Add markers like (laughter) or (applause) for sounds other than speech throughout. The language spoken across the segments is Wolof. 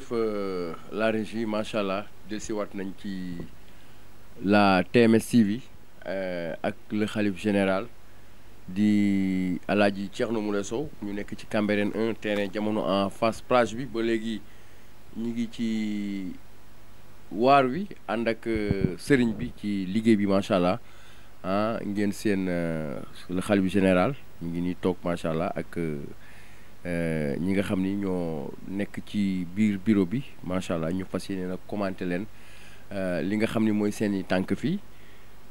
jërëjëf euh, la régi macha allah dellusiwaat nañ ci la TMS TV euh, ak le xalif général di El Hadj Thierno Moule Sow ñu nekk ci Cambérène un terrain jamono en face plage bi ba léegi ñu ngi ci waar wi ànd ak euh, sëriñ bi ci liggéey bi macha allah ah ngeen seen le xalif général ñu ngi nii toog macha allah ak. Euh, ñi nga xam ni ñoo nekk ci biir bureau bi macha allah ñu fas yéene nag commenté leen euh, li nga xam ni mooy seen i tànk fii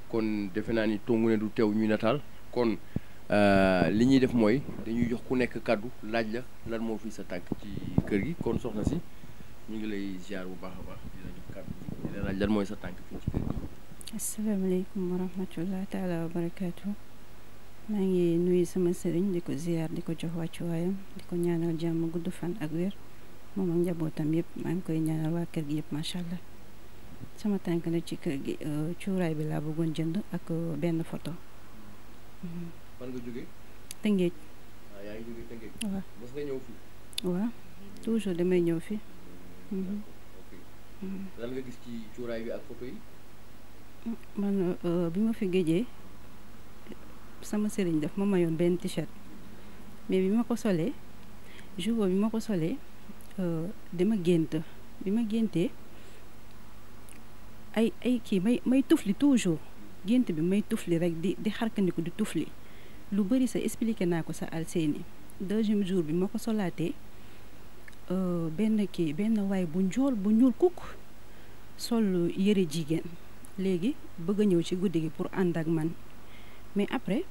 kon defe naa ni tongu ne du teew ñu nataal kon euh, li ñuy def mooy dañuy jox ku nekk kàddu laaj la lan moo fi sa tànk ci kër gi kon soxna si ñu ngi lay ziar bu baax a baax di lan mooy sa tànk fii ci kër gi. asalaamaaleykum wa rahmatulah taalaa wa barakaatu. maa ngi nuyu sama sëriñ di ko ziyaar di ko jox wàccuwaayam di ko ñaanal jàmm gudd fan ak wér moom ak njabootam yëpp maa ngi koy ñaanal waa kër gi yëpp macha allah sama tànk na ci kër gi euh, cuuraay bi laa bëggoon jënd ak euh, benn photo. Mhm. fan nga ah, Tëngéej. waaw yaa damay ñëw fii. Mhm. Mhm. lan nga man euh, bi ma fi géejee. sama sëriñ daf ma mayoon benn t mais bi ma ko solee jour bi ma ko solee euh, dama gént bi ma géntee ay ay kii may may tufli toujours gént bi may tufli rek di di xarkandiku di tufli lu bëri sa expliqué naa ko sa alseeni deuxième jour bi ma ko solaatee euh, benn kii benn waay bu njool bu ñuul kukk sol yëre jigéen léegi bëgg a ñëw ci guddi gi pour ànd ak man mais après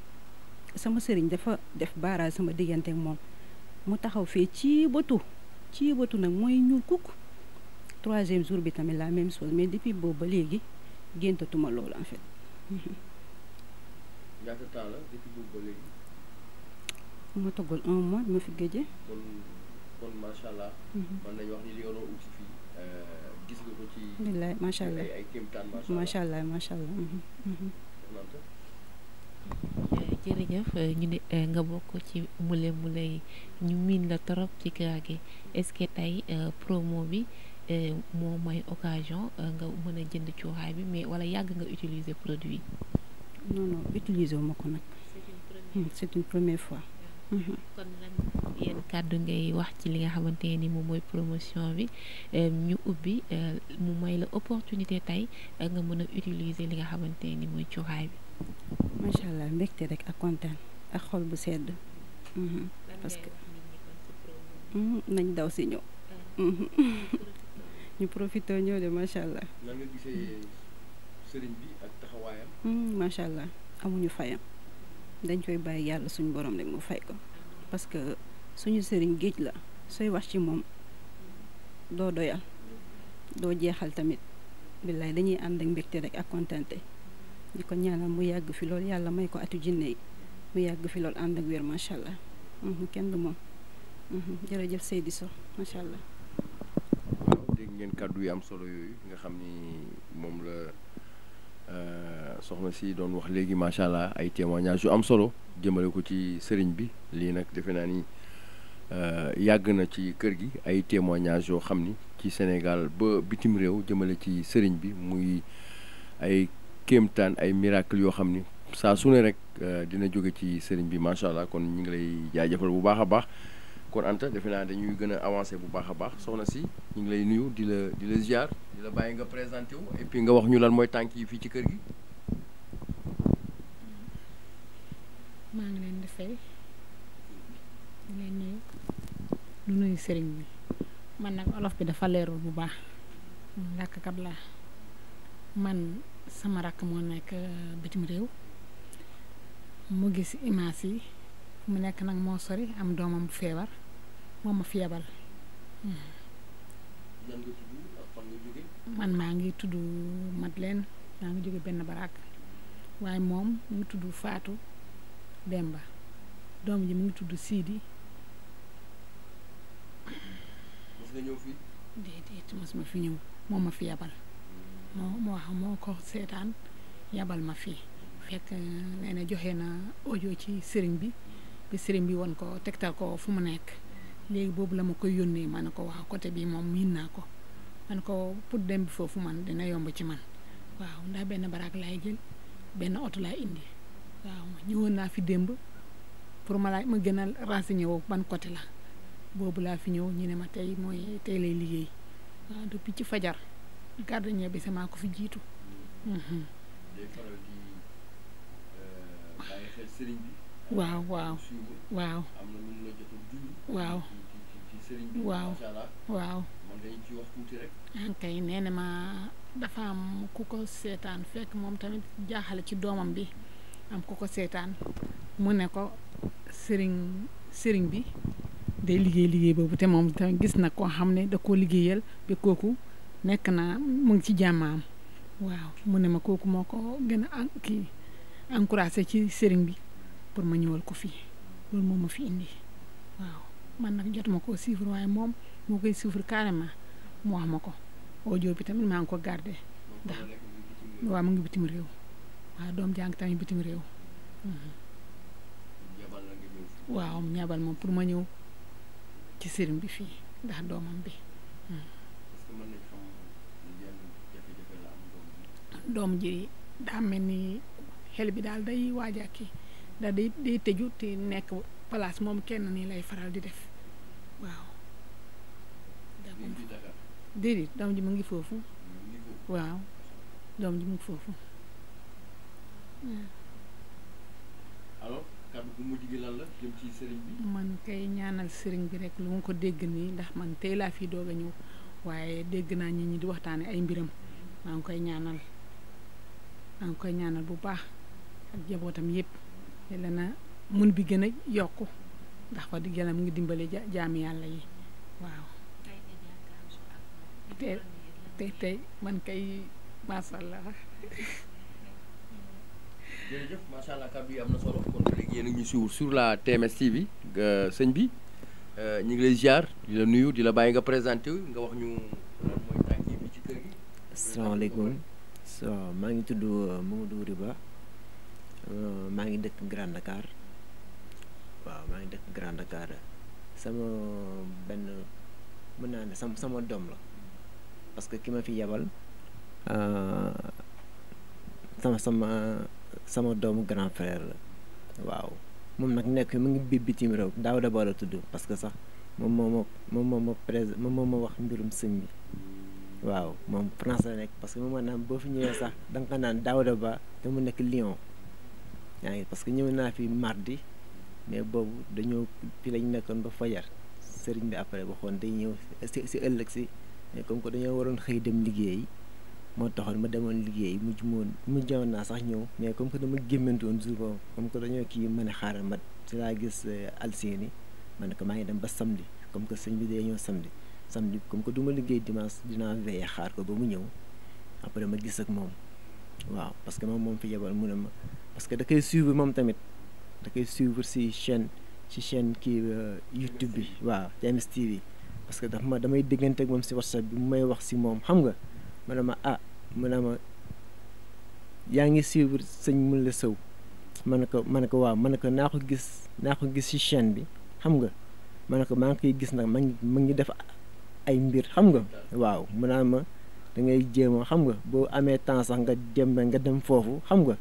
sama sëriñ dafa def baaraal sama diggante ak moom mu taxaw fii ci batu ci batu nag mooy ñuul kukk troisième jour bi tamit la même chose mais depuis boobu ba léegi géntatuma loolu en fait. (laughs) ñaata temps ma toggul un mois ma fi gëjee. kon kon macha allah. Mhm. Euh, ay macha allah macha mhm. Mhm. Eh, jërëjëf eh, ñu ne eh, nga bokk ci mule mule yi ñu miin la torop ci gaa gi est-ce que tey promo bi moo may occasion nga mën a jënd cuuraay bi mais wala yàgg nga utiliser produit non utiliser wu ma ko nag c'est hmm, fois ah. hmm, hmm. kon kàddu ngay wax ci li nga xamante ni moom mooy promotion bi ñu ubbi mu may la opportunité tey nga mën a utiliser li nga xamante ni mooy cuuraay bi macha allah mbégte rek ak kontaan ak xol bu sedd. Mhm, parce que mhm, nañ daw si ñëw. Ah. Mhm. (laughs) ñu profité ñëw de macha allah. lan nga gisee macha allah amuñu fayam dañ koy bàyyi yàlla suñu borom rek mu fay ko parce que suñu sëriñ géej la sooy wax ci moom doo doyal doo jeexal tamit billaay dañuy ànd ak mbégte rek ak kontante. di ko ñaanal mu yàgg fi lool yàlla may ko atu jinne yi mu yàgg fi lool ànd ak wér macha allah mhm, kenn du moom mhm, jërëjëf Seydi So macha allah. waaw dégg ngeen kàddu yu am solo yooyu nga xam ni moom la euh, soxna si doon wax léegi macha allah ay témoignages yu am solo jëmale ko ci sëriñ bi lii nag defe naa ni euh, yàgg na ci kër gi ay témoignages yoo xam ni ci Sénégal ba bitim réew jëmale ci sëriñ bi muy ay. kéemtaan ay miracle yoo xam ni saa su ne rek euh, dina jóge ci sëriñ bi macha allah kon ñu ngi lay jaajëfal bu baax a baax kon ant defe naa dañuy gën a avancé bu baax a baax soxna si ñu ngi lay nuyu di la di la ziar di la bàyyi nga présenté wu et puis nga wax ñu lan mooy tànk yi fii ci kër gi. maa bi man nag olof bi dafa leerul bu baax làkkat laa man sama rakk moo nekk euh, bitim réew mu gis image yi mu nekk nag moo sori am doomam bu feebar moo ma feebal man maa ngi tudd Madeleine maa ngi jóge benn baraak waaye moom mu ngi tudd Fatou Demba doom ji mu ngi tudd siidi déedéet mos ma fi ñëw moo ma feebal moo moo xam moo ko seetaan yabal ma fii fekk nee na joxe na audio ci sëriñ bi bi sëriñ bi won ko tegtal ko fu mu nekk léegi boobu la ma koy yónnee ma ne ko waaw côté bi moom miin naa ko ma ne ko pour dem bi foofu man dina yomb ci man waaw ndax benn baraak laay jël benn oto laay indi waaw ñëwoon naa fi démb pour ma laaj ma gën a renseigné woo ban côté la boobu laa fi ñëw ñu ne ma tey mooy tey lay liggéey waaw depuis ci fajar gardien bi sama ko fi jiitu. Mm-hmm. day faral euh, waaw waaw waaw waaw waaw waaw. man dañ ci wax tuuti ah, nee na ma dafa am ku ko seetaan fekk moom tamit jaaxale ci doomam bi am ku ko seetaan mu ne ko sëriñ sëriñ bi day liggéey liggéey boobu te moom tamit gis na koo xam ne da koo liggéeyal ba kooku. nekk naa mu ngi ci jàmmaam waaw mu ne ma kooku moo ko gën a kii encouragé ci sëriñ bi pour ma ñëwal ko fii loolu moo fi indi waaw man nag jotuma koo suivre waaye moom moo koy suivre carrément mu wax ma ko audio bi tamit maa ngi ko gardé ndax waaw mu ngi bitim réew waaw doom jàng tamit bitim réew mhm. waaw ñabal moom pour ma ñëw ci sëriñ bi fii ndax doomam bi doom ji daa ni xel bi daal day waaj a kii da day day tëju te nekk place moom kenn nii lay faral di def waaw. déedéet doom ji mu ngi foofu waaw doom ji mu ngi foofu. Hmm. alors kàddu bu mujj sëriñ bi. man kay ñaanal sëriñ bi rek lu ma ko dégg nii ndax man tey laa fii doog a ñëw waaye dégg naa ñi ñi di waxtaane ay mbiram maa ngi koy ñaanal. maa ngi koy ñaanal bu baax ak jabootam yëpp yàlla mun bi gën a yokk ndax wax dëgg yàlla mu ngi dimbale jaami yàlla yi waaw te tey tey man kay macha allah. (laughs) jërëjëf macha yi am na solo kon léegi yéen a ñu suivre sur la TMS TV sëñ bi euh, ñu ngi lay ziar di la nuyu di la bàyyi nga présenté nga wax ñu lan mooy maa ngi tudd uh, Mamadou Riba uh, maa ngi dëkk Grand Dakar waaw maa ngi dëkk Grand Dakar sama benn mën naa ne sama sama doom la parce que ki ma fi yabal uh, sama sama sama doomu grand frère la waaw moom nag nekk mu ngi bi bitim réew daaw da bala tudd parce que sax moom moo ma moom moo ma moom ma wax mbirum sëñ bi waaw moom France la nekk parce que moom maanaam boo fi ñëwee sax danga nga ko naan Daouda Ba te mu nekk Lyon yaa ngi parce que ñëw naa fi mardi mais boobu dañoo fi lañu nekkoon ba fajar sëriñ bi après waxoon day ñëw si si ëllëg si mais comme que dañoo waroon xëy dem liggéey moo taxoon ma demoon liggéey mujj moon mujjoon naa sax ñëw mais comme que dama gémmantoon jour boobu comme que dañoo kii mën a xaaral ma si laa gis eh, alseeni ma ne ko maa ngi dem ba samedi comme que sëñ bi day ñëw samedi samedi comme que du ma liggéey dimanche dinaa veillé xaar ko ba mu ñëw après ma gis ak moom waaw parce que moom moom fi yebal mu ne ma parce que da koy suivre moom tamit da kay suivre si chaîne ci chaîne kii euh, YouTube bi waaw ci MSTV parce que daf ma damay déggante ak moom si WhatsApp bi mu may wax si moom xam nga ma ne ma ah ma ne ma yaa ngi suivre sëñ mun la sëw man ne ko ma ne ko waaw ma ne ko naa ko gis naa ko gis si chaîne bi xam nga ma ne ko maa ngi koy gis nag ma ngi ma ngi def ay mbir xam nga waaw mu naa ma da ngay jéem xam nga boo amee temps sax nga dem nga dem foofu xam nga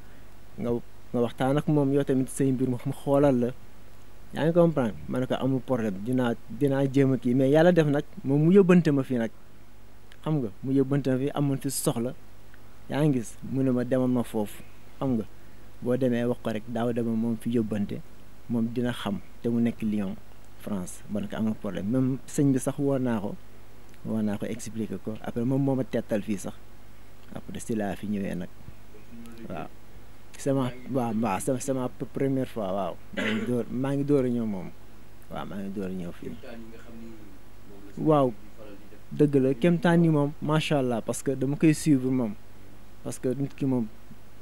nga nga waxtaan ak moom yow tamit say mbir mu xoolal la yaa ngi ne ko amul problème dinaa dinaa jéem kii mais yàlla def nag moom mu yóbbante ma fii nag xam nga mu yóbbante ma fii soxla yaa ngi mu ne ma demal ma foofu xam nga boo demee wax ko rek daaw dema moom fi yóbbante moom dina xam te mu nekk Lyon France ma ne amul problème même sëñ bi sax woo naa ko wax naa ko expliquer ko après moom moo ma tettal fii sax après si laa fi ñëwee nag waaw sama waaw waaw sama sama waaw maa ngi door maa ñëw moom waaw maa ngi door a ñëw fii waaw dëgg la kemtaan yi moom macha allah parce que dama koy suivre moom parce que nit ki moom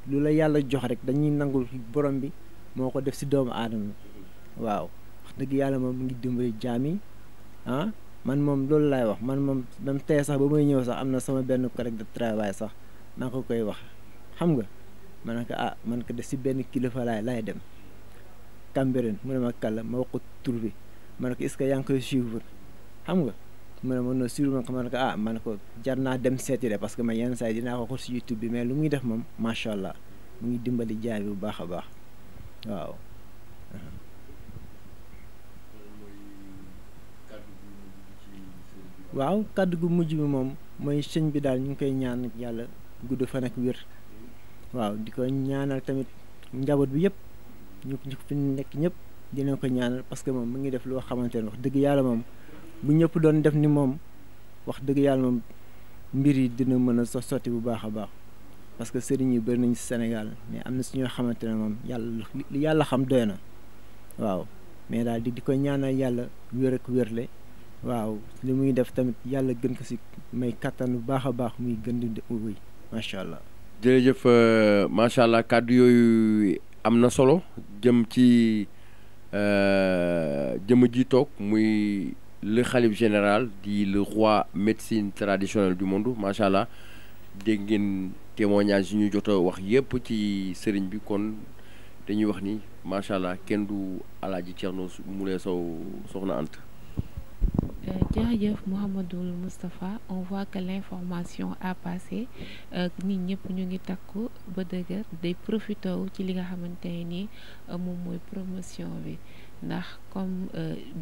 lu la yàlla jox rek dañuy nangul borom bi moo ko def si doomu aadama waaw wax dëgg yàlla moom mu ngi dimbali jaam yi ah. man moom loolu laay wax man moom même tey sax ba muy ñëw sax am na sama benn collègue de travail sax maa ko koy wax xam nga ma ne ah man ko def si benn kilifa laay laay dem Cambérène mu ne ma kàlla ma wax ko tur bi ma ne ko est-ce que yaa ngi koy suivre xam nga mu ne ma non suivre ma ko ma ne ko ah, man ko jar naa dem seeti de parce que ma yenn saa yi dinaa ko xool si YouTube bi mais lu muy def moom macha allah mu ngi dimbali jaay bi bu baax a baax waaw kàdd gu mujj bi moom mooy sëñ bi daal ñu ngi koy ñaan yàlla gudd fan ak wér waaw di ko ñaanal tamit njaboot bi yëpp ñu ñu fi nekk ñëpp dinañ ko ñaanal parce que moom mu ngi def loo xamante ne wax dëgg yàlla moom bu ñëpp doon def ni moom wax dëgg yàlla moom mbir yi dina mën a sotti bu baax a baax parce que sëriñ yi bëri nañu si Sénégal mais am na si ñoo xamante ne moom yàlla li yàlla xam doy na waaw mais daal di di ko ñaanal yàlla wér ak wérle waaw li muy def tamit yàlla gën ko si may kattan bu baax a baax muy gën di wéy macha allah. jërëjëf euh, macha allah kàddu yooyu am na solo jëm ci euh, jëmm ji toog muy le xalif général di le roi médecine traditionnelle du monde macha allah dégg ngeen témoignage yi ñu jot a wax yépp ci sëriñ bi kon dañuy wax ni macha allah kenn du ji Thierno Moule Sow soxna ant Euh, jërëjëf Mouhamadoul Moustapha on voit que l'information a passé euh, nit ñëpp ñu ngi takku ba dëgër day profité ci li nga xamante ne nii euh, moom mooy promotion bi ndax comme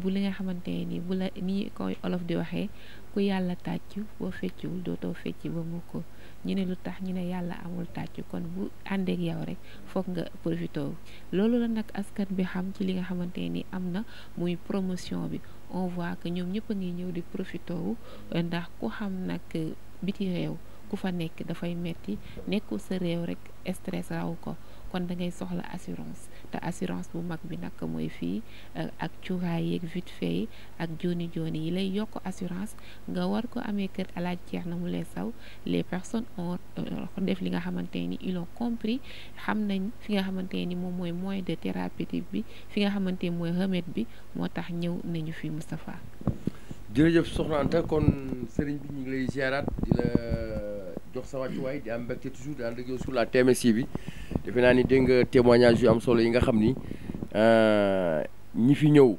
bu li nga xamante ne nii bu la nii koy olof di waxee ku yàlla tàcc boo fecciwul dootoo fecci ba mu ko ñu ne lu tax ñu ne yàlla amul tàcc kon bu àndeek yow rek foog nga profité wu loolu la nag askat bi xam ci li nga xamante ni am na muy promotion bi on voit que ñoom ñëpp a ngi ñëw di profité wu ndax ku xam nag biti réew ku fa nekk dafay metti nekkul sa réew rek stress raw ko kon da ngay soxla assurance te assurance bu mag bi nag mooy fii ak cuuraay yeeg vite fait yi ak jooni jooni yi lay yokk assurance nga war ko amee kër alaaj ceex na mu lay saw les personnes ont euh, def li nga xamante ni ils ont compris xam nañ fi nga xamante ni moom mooy moyen de thérapeutique bi fi nga xamante ni mooy remède bi moo tax ñëw nañu fi Moustapha jërëjëf soxna Anta kon sëriñ bi ñu lay ziaraat jox sa wàccuwaay di am mbégte toujours di ànd ak yow sur la TMS bi defe naa ni dégg nga témoignage yu am solo yi nga xam ni euh, ñi fi ñëw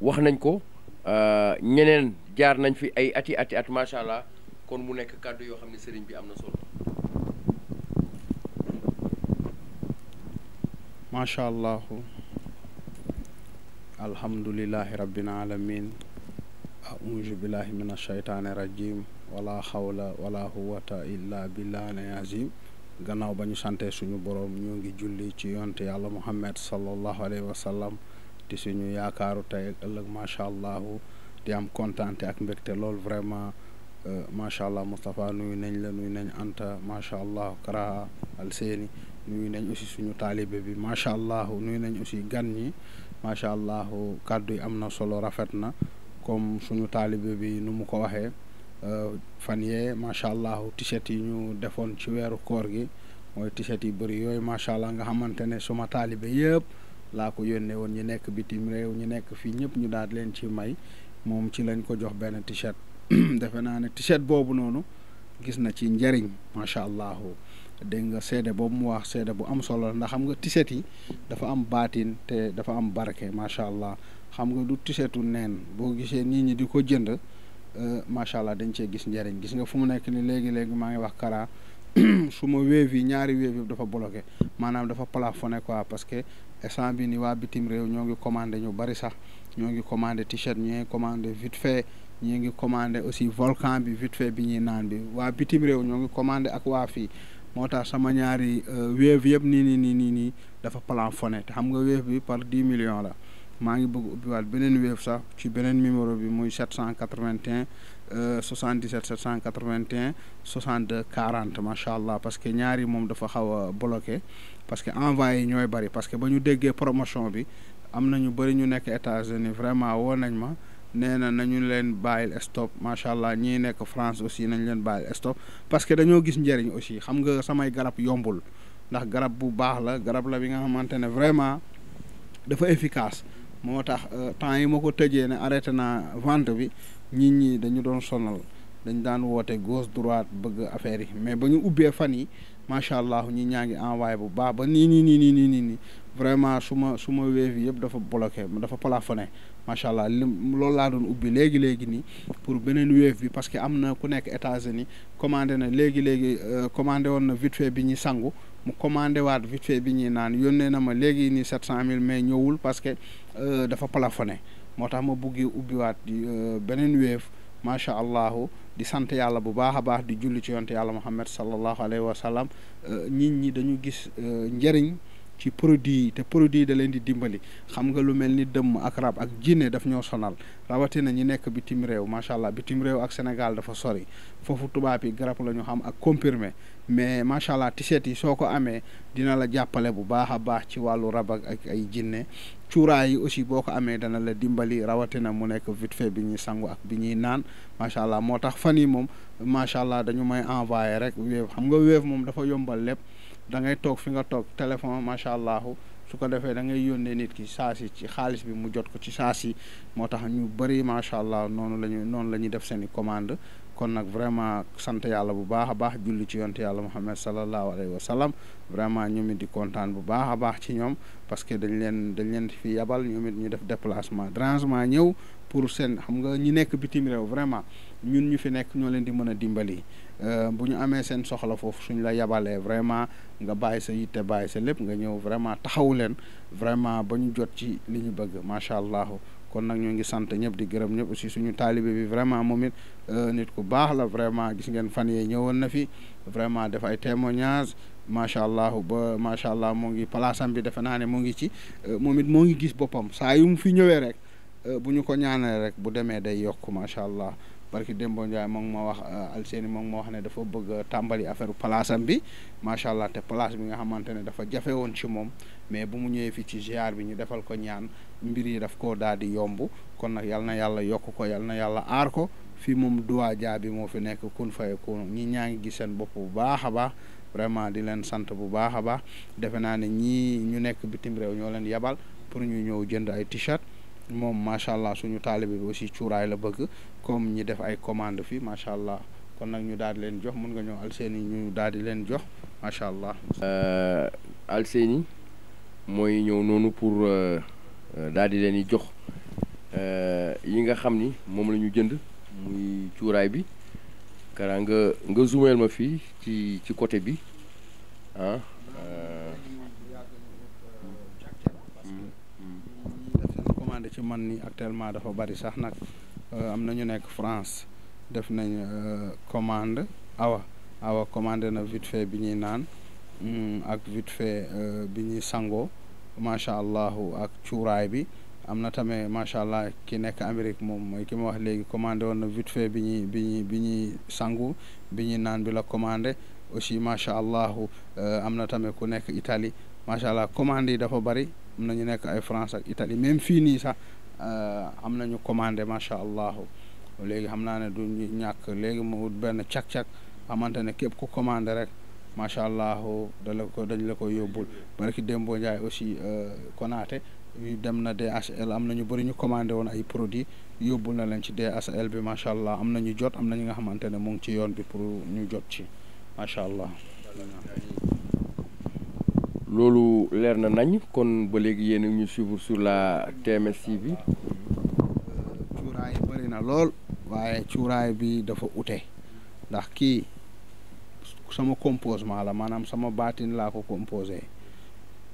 wax nañ ko euh, ñeneen jaar nañ fi ay ati ati at macha allah kon mu nekk kàddu yoo xam ne sëriñ bi am na solo. macha allah alhamdulilahi rabbil alamin auzu billahi min ashaytaani rajim wala xawla wala quwwata illa billah al azim gannaaw ba ñu sante suñu borom ñoo ngi julli ci yonte yàlla muhammad sallallahu alayhi wa sallam di suñu yaakaaru tey ak ëllëg macha allah di am kontaante ak mbégte lool vraiment euh, macha allah Moustapha nuyu nañ la nuyu nañ Anta macha allah Kara Alseeni nuyu nañ aussi suñu taalibe bi macha allah nuyu nañ aussi gan ñi macha allah kàddu yi am na solo rafet na comme suñu taalibe bi nu mu ko waxee. Euh, fan yee macha allah t-shirt yi ñu defoon ci weeru koor gi mooy t-shirt yi bëri yooyu macha allah nga xamante ne suma taalibe yëpp laa ko yónnee woon ñu nekk bitim réew ñu nekk fii ñëpp ñu daal leen ci may moom ci lañ ko jox benn t-shirt (clears throat) defe naa ne t-shirt boobu noonu gis na ci njëriñ macha allah dégg nga seede boobu mu wax seede bu am solo ndax xam nga t-shirt yi dafa am baatin te dafa am barke macha allah xam nga du t-shirtu neen boo gisee nit ñi di ko jënd. Euh, macha allah dañ cee gis njëriñ gis nga fu mu nekk ni léegi léegi maa ngi wax Kara (clears throat) su ma wéev yi ñaari wéev yi dafa bloqué maanaam dafa plafonné quoi parce que instant bi ni waa bitim réew ñoo ngi commandé ñu bari sax ñoo ngi commandé t-shirt ñoo ngi commandé vite fait ngi commandé aussi volcan bi vite fait bi ñuy naan waa bitim réew ñoo ngi commandé ak waa fii moo tax sama ñaari euh, wéev yëpp nii nii nii nii nii dafa plafonné te xam nga wéev bi par dix million la maa ngi bëgg ubbiwaat beneen Wave sax ci beneen numéro bi muy 781 77 781 62 40 macha allah parce que ñaari moom dafa xaw a bloqué parce que envoyé ñooy bari parce que ba ñu déggee promotion bi am na ñu bëri ñu nekk États-Unis vraiment woo nañ ma nee na nañu leen bàyyil stop macha allah ñii nekk France aussi nañ leen bàyyil stop parce que dañoo gis njëriñ aussi xam nga samay garab yombul ndax garab bu baax la garab la bi nga xamante ne vraiment dafa efficace. moo tax euh, temps yi ma ko tëjee ne arrêté naa vente bi nit ñi dañu doon sonal dañ daan woote gauche droite bëgg affaire yi mais ba ñu ubbee fan yi macha allah ñi ñaa ngi envoyé bu baax ba nii nii nii nii nii nii vraiment su ma su ma yi yëpp dafa bloqué dafa plafonné macha allah li loolu laa doon ubbi léegi léegi nii pour beneen wéef bi parce que am na ku nekk États-Unis commandé na léegi léegi euh, commandé woon na vite fait bi ñuy sangu. mu commandé waat vite fait bi ñuy naan yónnee na ma léegi ni sept cent mille mais ñëwul parce que euh, dafa plafonné moo tax ma buggi ubbiwaat euh, beneen wéef macha allahu di sant yàlla bu baax a baax di julli ci yonte yàlla muhammad sallallahu alayhi wa sallam euh, nit ñi dañu gis njëriñ ci produit yi te produit yi da leen di dimbali xam nga lu mel ni dëmm ak rab ak jinne daf ñoo sonal rawatina ñi nekk bitim réew macha allah bitim réew ak Sénégal dafa sori foofu tubaab yi garab la ñu xam ak comprimé mais macha allah tiset yi soo ko amee dina la jàppale bu baax a baax ci wàllu rab ak ay jinne cuuraay yi aussi boo ko amee dana la dimbali rawatina mu nekk vite fait bi ñuy sangu ak bi ñuy naan macha allah moo tax fan yi moom macha allah dañu may envoyé rek xam nga wéef moom dafa yombal lépp. da ngay toog fi nga toog téléphone macha allah su ko defee da ngay yónnee nit ki saa si ci xaalis bi mu jot ko ci saa si moo tax ñu bëri macha allah noonu la ñu noonu la ñuy def seen i commande kon nag vraiment sant yàlla bu baax a baax julli ci yonte yàlla Muhammad sallallahu alayhi wa sallam vraiment ñoom it di kontaan bu baax a baax ci ñoom parce que dañ leen dañ leen fi yabal ñoom it ñu def déplacement dérangement ñëw pour seen xam nga ñi nekk bitim réew vraiment ñun ñu fi nekk ñoo leen di mën a dimbali euh, bu ñu amee seen soxla foofu suñ la yabalee vraiment nga bàyyi sa yitte bàyyi sa lépp nga ñëw vraiment taxawu leen vraiment ba ñu jot ci li ñu bëgg macha allah. kon nag ñoo ngi sant ñëpp di gërëm ñëpp aussi suñu taalibe bi vraiment moom it euh, nit ku baax la vraiment gis ngeen fan yee ñëwoon na fi vraiment def ay témoignage macha allah ba macha allah moo ngi place bi defe naa ne moo ngi ci euh, moom it moo ngi gis boppam saa yu mu fi ñëwee rek euh, bu ñu ko ñaanale rek bu demee day yokk macha allah. barki Demba Ndiaye moom ma wax euh, Alseni moom ma wax ne dafa bëgg tàmbali affaire place am bi macha allah te place bi nga xamante ne dafa jafe woon ci moom mais bu mu ñëwee fii ci ziar bi ñu defal ko ñaan mbir yi daf koo daal di yomb kon nag yal na yàlla yokk ko yal na yàlla aar ko fii moom duwaa jaa bi moo fi nekk kun fay kun ñi ñaa ngi gis seen bopp bu baax a baax vraiment di leen sant bu baax a baax defe naa ne ñii ñu nekk bitim réew ñoo leen yabal pour ñu ñëw jënd ay t moom macha allah suñu taalibe bi aussi cuuraay la bëgg comme ñi def ay commande fii macha allah kon nag ñu daal di leen jox mun nga ñëw Alseyni ñu daal di jox macha allah. Euh, Alseyni mooy ñëw noonu pour euh, euh, daal di leen di jox yi nga xam ni moom la ñu jënd muy cuuraay bi kara nga nga zoomeel ma fii ci ci côté bi ah. demandé ci man ni actuellement dafa bari sax nag euh, am na ñu nekk France def nañ euh, commande awa awa commandé na vite bi ñuy naan mm, ak vite fait euh, bi ñuy sangoo macha allah ak cuuraay bi am na tamit macha allah ki nekk Amérique moom mooy ki mo wax léegi commandé woon na vite fait bi ñuy bi ñuy bi ñuy sangu bi ñuy naan bi la aussi macha allah am na tamit ku nekk Italie macha allah commande dafa bari. am na ñu nekk ay France ak Italie même fii nii sax euh, am nañu commandé macha allah léegi xam naa ne du ñàkk léegi moo wut benn cak-cak xamante ne képp ku commandé rek macha allah da la ko dañ la ko yóbbul barki Dembo Ndiaye aussi euh, konaate dem na DHL am nañu ñu bëri ñu commandé woon ay produits yóbbul na leen ci DHL bi macha allah am nañu jot am na ñi nga xamante ne mu ngi ci yoon bi pour ñu jot ci macha allah. loolu leer na nañ kon ba léegi yéen ñu suivre sur la TMS bi cuuraay bëri na lool waaye cuuraay bi dafa ute ndax kii sama composement la maanaam sama baatin laa ko composé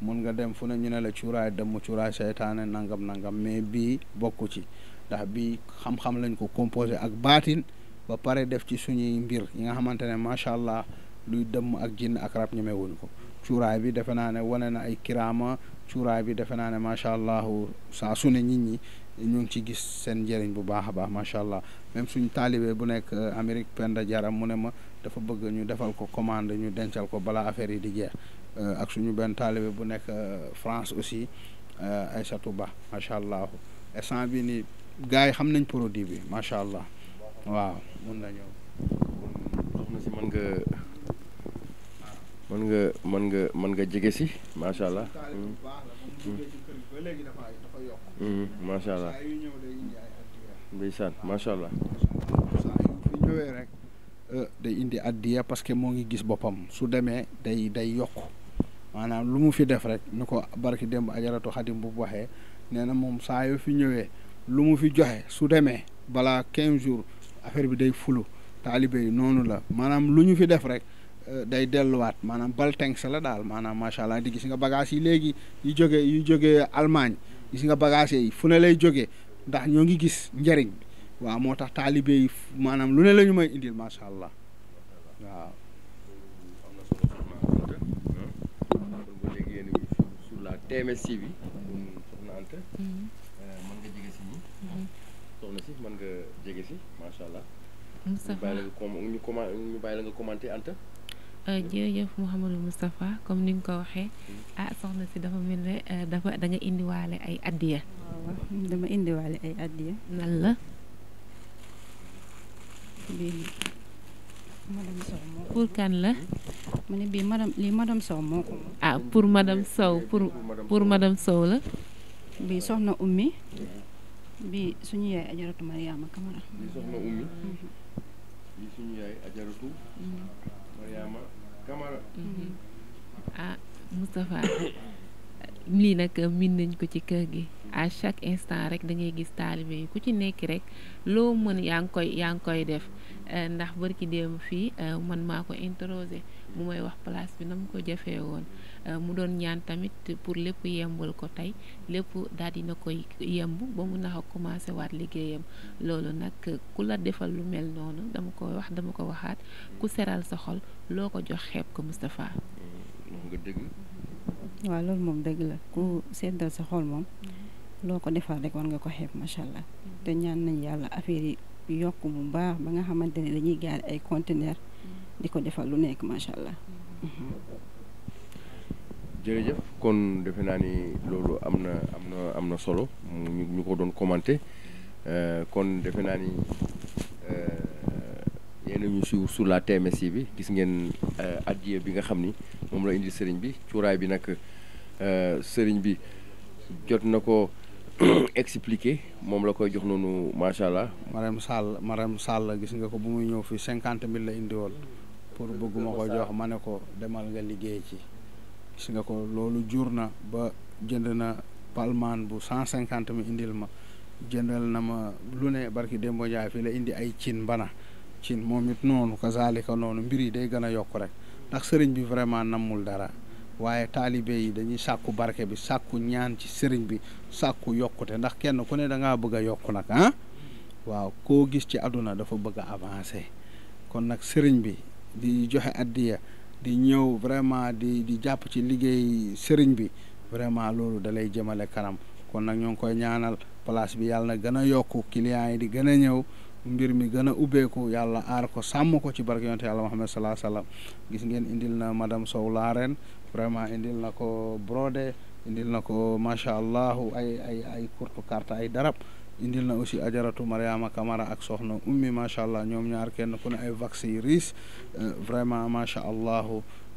mun nga dem fu ne ñu ne la cuuraay dem cuuraay seytaane nangam nangam mais bii bokku ci ndax bi xam-xam lañ ko composé ak baatin ba pare def ci suñuy mbir yi nga xamante ne macha allah luy dem ak jinn ak rab ñemewuñ ko. cuuraay bi defe naa ne wane na ay kiraama cuuraay bi defe naa ne macha allah saa su ne nit ñi ñu ngi ci gis seen njëriñ bu baax a baax macha allah même suñ taalibee bu nekk Amérique Penda jaram mu ne ma dafa bëgg ñu defal ko commande ñu dencal ko balaa affaire yi di jeex euh, ak suñu benn taalibe bu nekk euh, France aussi euh, Aïssatou Ba macha allah instant bi ni gars yi xam nañ produit bi macha allah waaw mun na ñëw mën nga man nga man nga jege si macha allah. Mm, macha allah. ndeysaan macha allah. ñëwee rek euh, day indi addiya parce que moo ngi gis boppam su demee day day yokk maanaam lu mu fi def rek nu ko barki démb ajaratu xadim bu waxee nee na moom saa yoo fi ñëwee lu mu fi joxe su demee balaa quinze jours affaire bi day fulo taalibe noonu la maanaam lu ñu fi def rek. Euh, day delluwaat maanaam baltengs la daal maanaam macha allah di gis nga bagages yi léegi yu jóge yu jógee Allemagne gis nga bagaase yi fu ne lay jógee ndax ñoo ngi gis njariñ waaw moo tax taalibe yi maanaam lu ne la ñu may indil macha allah waaw. nga jege si ñu bàyyi la nga commenté Anta Euh, jërëjëf Mouhamadou mustafa comme ni nga ko waxee ah soxna si dafa mel euh, dafa da indiwaale ay addiya. dama indiwaale ay addiya. nan la. bii pour kan la. mu ne bii madame lii madame Sow moo ko. ah pour madame Sow pour pour madame la. bii soxna ummi. bii suñu yaay ajaratu Mariama Kamara. Mm-hmm. ah Moustapha (coughs) lii nag miin nañ ko ci kër gi à chaque instant rekk dangay gis taalibe yi ku ci nekk rekk loo mën yaa ngi koy yaa ngi koy def eh, ndax ki démb fii eh, man maa ko interrogé mu may wax place bi nam ko jafee woon Euh, mu doon ñaan tamit pour lépp yembal ko tey lépp daal dina koy yemb ba mu nax a commencé waat liggéeyam loolu nag ku la defal lu mel noonu dama ko wax dama ko waxaat ku seral sa xol loo ko jox xeeb ko Moustapha. nga loolu moom dëgg la ku seddal sa xol moom. Mm-hmm. loo ko defal rek nga ko xeeb macha allah. Mm-hmm. te ñaan nañ yàlla affaire yi yokk bu baax ba nga xamante ne dañuy gaari ay conteneur mm-hmm. di ko defal lu nekk macha allah. jërëjëf kon defe naa ni loolu am na am na am na solo ñu ko doon commenté euh, kon defe naa ni euh, yéen ñu suivre sur la TMS bi gis ngeen euh, addiya bi nga xam ni moom la indi sëriñ bi cuuraay bi nag sëriñ bi jot na ko (clears throat) expliqué moom la koy jox noonu macha allah. Marème Sall Marème Sall gis nga ko bu muy ñëw fii cinquante mille la indi woon pour bëgguma ko jox ma ne ko demal nga liggéey ci. gis nga ko loolu jur na ba jënd na palmaan bu cent cinquante mi indil ma jëndal na ma lu ne barki de Njaay fii la indi ay cin mbana cin moom it noonu kazalika noonu mbir yi day gën a yokk rek ndax sëriñ bi vraiment nammul dara waaye taalibe yi dañuy sàkku barke bi sàkku ñaan ci sëriñ bi sàkku yokkute ndax kenn ku ne da ngaa bëgg a yokk nag ah waaw koo gis ci àdduna dafa bëgg a kon nag sëriñ bi di joxe addiya di ñëw vraiment di di jàpp ci liggéey sëriñ bi vraiment loolu da lay jëmale kanam kon nag ñoo ngi koy ñaanal place bi yàlla na gën a yokk clients yi di gën a ñëw mbir mi gën a ubbeeku yàlla aar ko sàmm ko ci barke yonte yàlla Muhammad salaa salaam gis ngeen indil na madame Sow laaren vraiment indil na ko brode indil na ko macha allah ay ay ay courte carte ay darab indil na aussi ajaratu Mariama Kamara ak soxna ummi macha allah ñoom ñaar kenn ku ne ay vaccin yi riis euh, vraiment macha allah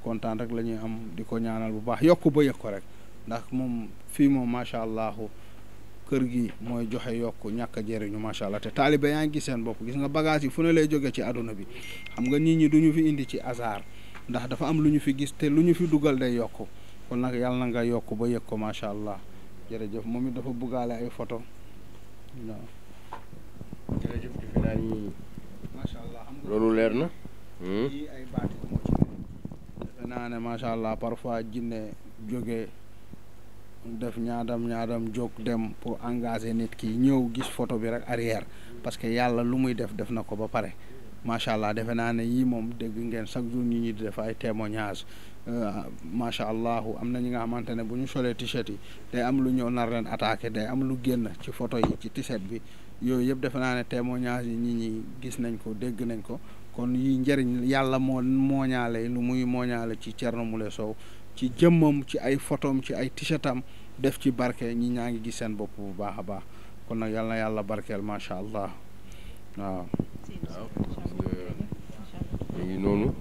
kontaan rek la ñuy am di ko ñaanal bu baax yokk ba yëg ko rek ndax moom fii moom macha allah kër gi mooy joxe yokk ñàkk a jëriñu macha allah te taalibe yaa ngi seen bopp gis nga bagage yi fu ne lay jóge ci àdduna bi xam nga nii ñi du ñu fi indi ci hasard ndax dafa am lu ñu fi gis te lu ñu fi dugal day yokk kon nag yàlla na nga yokk ba yëg ko allah jërëjëf moom dafa buggaale ay photo waaw. allah xam loolu leer na. yii hmm? defe naa ne macha allah parfois jinne jóge def ñaadam ñaadam jóg dem pour engager nit ki ñëw gis photo bi rek arrière parce que yàlla lu muy def def na ko ba pare macha allah defe naa ne yii moom dégg ngeen chaque jour ñu ñuy def ay témoignage Euh, macha allah am na ñi nga xamante ne bu ñu solee t-shirt yi day am lu ñëw nar leen ataake day am lu génn ci photo yi ci t-shirt bi yooyu yëpp defe naa ne témoignage yi nit ñi gis nañ ko dégg nañ ko kon yi njëriñ yàlla moo mooñaale lu muy mooñaale ci Thierno Moule Sow ci jëmmam ci ay photom ci ay t-shirtam def ci barke ñi ñaa ngi gis seen bopp bu baax a baax kon nag yàlla yàlla barkeel macha allah waaw. waaw noonu.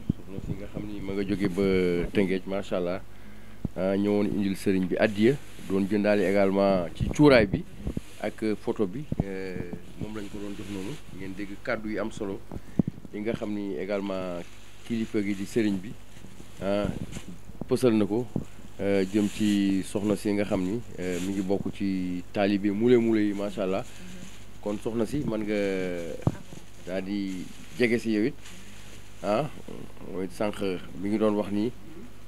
ni ma nga jóge ba Tëngéej macha allah ñëwoon indil sëriñ bi addiya doon jëndaale également ci cuuraay bi ak photo bi euh, moom lañ ko doon jox noonu ngeen dégg kàddu yi am solo yi nga xam ni également kilifa gi di sëriñ bi pësal na ko euh, jëm ci soxna si nga xam ni euh, mi ngi bokk ci taalibe mule mule yi macha allah mhm. kon soxna si man nga daal di jege si yow ah mooy sànq mi ngi doon wax ni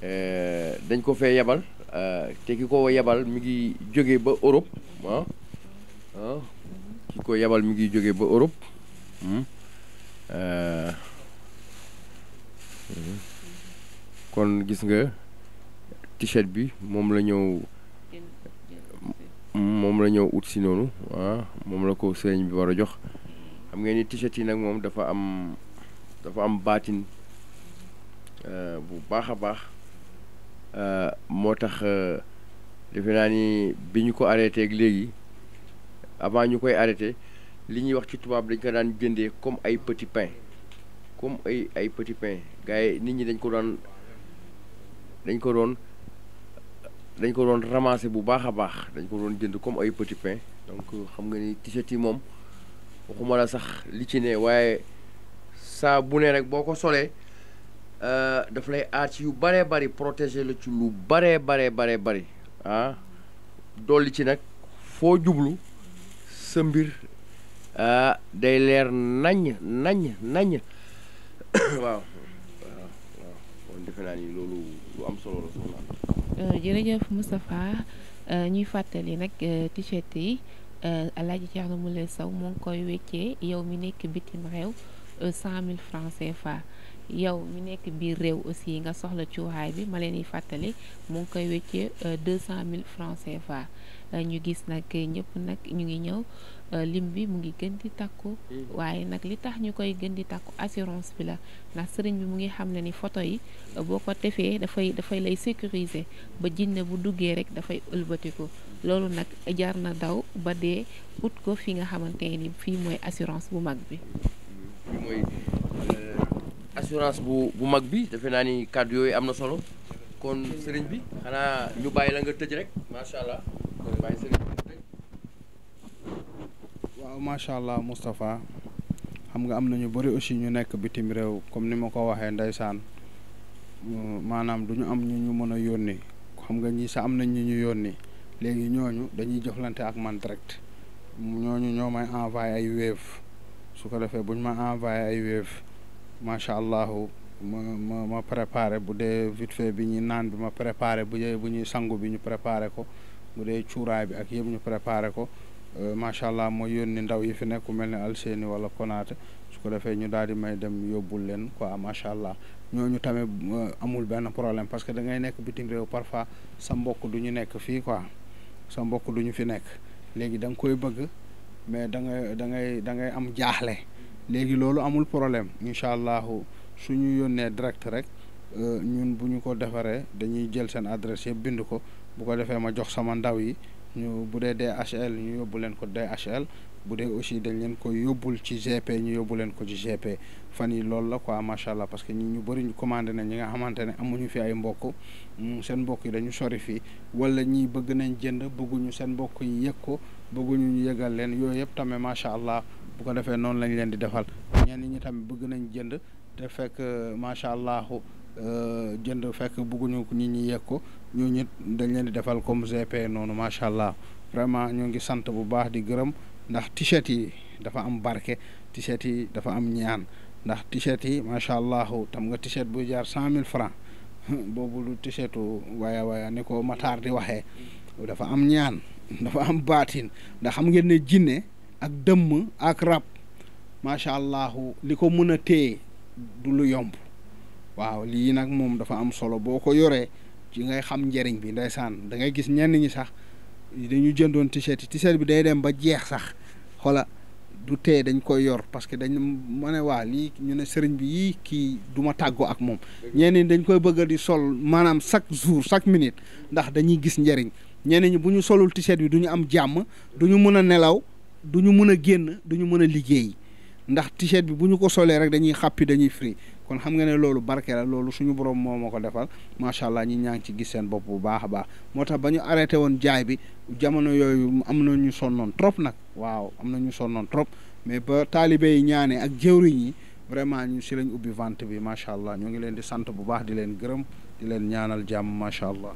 eh, dañ ko fee yebal eh, te ki ko yebal mi ngi jóge ba Europe ah ah ko yebal mi ngi jóge ba Europe. Hmm, eh, mhm. kon gis nga t-shirt bi moom la ñëw moom la ñëw ut si noonu ah, moom la ko sëriñ bi war a jox xam ngeen ni t-shirt yi nag moom dafa am. dafa am baatin euh, bu baax a baax euh, moo tax euh, defe naa ni bi ñu ko arrêté ak léegi avant ñu koy arrêté li ñuy wax ci tubaab dañ ko daan jëndee comme ay petit pain comme ay ay petit pain gars yi nit ñi dañ ko doon dañ ko doon dañ ko doon ramassé bu baax a baax dañ ko doon jënd comme ay petit pain donc xam nga ni t-shirt yi moom waxuma la sax li ci ne waaye saa bu rek boo ko solee euh, daf lay aar ci yu bëree bëri protéger la ci lu bëree baree baree bëri ah dolli ci nag foo jublu sa mbir euh, day leer naññ naññ naññ (coughs) waaw waaw waaw kon defe naa ni loolu lu am solo la soxna euh, jërëjëf Moustapha ñuy fàttali nag t-shirt yi Alaaji Thierno Moule Sow moo ngi koy weccee yow mi nekk bitim réew Euh, cent mille francs CFA yow mi nekk biir réew aussi nga soxla cuuxaay bi ma leen yi fàttali mu ngi koy wéccee euh, deux cent mille francs CFA euh, ñu gis nag ñëpp nag ñu ngi ñëw lim bi mu ngi gën di takku mm-hmm. waaye nag li tax ñu koy gën di takku assurance bi la ndax sëriñ bi mu ngi xam ne ni photo yi boo ko defee dafay dafay lay sécuriser ba jinne bu duggee rek dafay ëlbatiku loolu nag jar na daw ba dee ut ko fi nga xamante ni fii mooy assurance bu mag bi bi mooy euh, assurance bu bu mag bi defe naa ni kàddu yooyu am na solo kon sëriñ bi xanaa ñu bàyyi la nga tëj rek macha allah bàyyi sëriñ bi macha allah Moustapha xam nga am na ñu bëri aussi ñu nekk bitim réew comme ni ma ko waxee ndaysaan maanaam du ñu am ñu ñu mën a yónni xam nga ñi sa am nañ ñu ñu yónni léegi ñooñu dañuy joxlante ak man direct ñooñu ñoo may envoyé ay wave su ko defee bu ñu ma envoyé ay wéef macha allahu ma ma ma préparé bu dee vite fait bi ñuy naan bi ma préparé bu dee bu ñuy sangu bi ñu préparé ko bu dee cuuraay bi ak yëpp ñu préparé ko euh, macha allah mooy yónni ndaw yi fi nekk ku mel ne Alseeni wala Konaate su ko defee ñu daal di may dem yóbbul leen quoi macha allah ñooñu tamit euh, amul benn problème parce que da ngay nekk bitim réew parfois sa mbokk du ñu nekk fii quoi sa mbokk du ñu fi nekk léegi da nga koy bëgg. mais da ngay da ngay da am jaaxle léegi loolu amul problème incha allahu su ñu yónnee direct rek euh, ñun bu ñu ko defaree dañuy jël seen adresse yëpp bind ko bu ko defee ma jox sama ndaw yi ñu bu dee DHL ñu yóbbu leen ko DHL bu dee aussi dañ leen ko yóbbul ci GP ñu yóbbu leen ko ci GP fan yi loolu la quoi macha allah parce que ñi ñu bëri ñu commandé nañ ñi nga xamante ne amuñu fi ay mbokk mm, seen mbokk yi dañu sori fii wala ñi bëgg nañ jënd bëgguñu seen mbokk yi yëg ko. bëgguñu ñu ñu yëgal leen yooyu yëpp tamit macha allah bu ko defee noonu lañ leen di defal ñenn ñi tamit bëgg nañ jënd te fekk macha allah euh, jënd fekk bëgguñu nit ñu yegg ko ñoo ñu dañ leen di defal comme GP noonu macha allah vraiment ñoo ngi sant bu baax di gërëm ndax t-shirt yi dafa am barke t-shirt yi dafa am ñaan ndax t-shirt yi macha allah tam nga t-shirt bu jaar cent mille francs (laughs) boobu lu t-shirtu waaya waaya ni ko Matar di waxee dafa am ñaan. dafa am baatin ndax xam ngeen ne jinne ak dëmm ak rab macha allahu li ko mën a téye du lu yomb waaw lii nag moom dafa am solo boo ko yoree ci ngay xam njëriñ bi ndeysaan da ngay gis ñenn ñi sax dañu jëndoon t-shirt yi t-shirt bi day dem ba jeex sax xola du tee dañ koy yor parce que dañ ma ne waa lii ñu ne sëriñ bi yii kii du ma tàggoo ak moom ñenn ñi dañ koy bëgg di sol maanaam chaque jour chaque minute ndax dañuy gis njëriñ ñenee ñi bu ñu solul t-shirt bi du ñu am jàmm du ñu mën a nelaw du ñu mën a génn du ñu mën a liggéey ndax t bi bu ñu ko solee rek dañuy xàppi dañuy fri kon xam nga ne loolu barke la loolu suñu borom moo ma ko defal macha allah ñi ñaa ngi ci gis seen bopp bu baax a baax moo tax ba ñu arrêté woon jaay bi jamono yooyu am na ñu sonnoon trop nag waaw am na ñu sonnoon trop mais ba taalibe yi ñaanee ak jëwriñ yi vraiment ñu si lañ ubbi vente bi macha allah ñu ngi leen di sant bu baax di leen gërëm di leen ñaanal jàmm macha allah.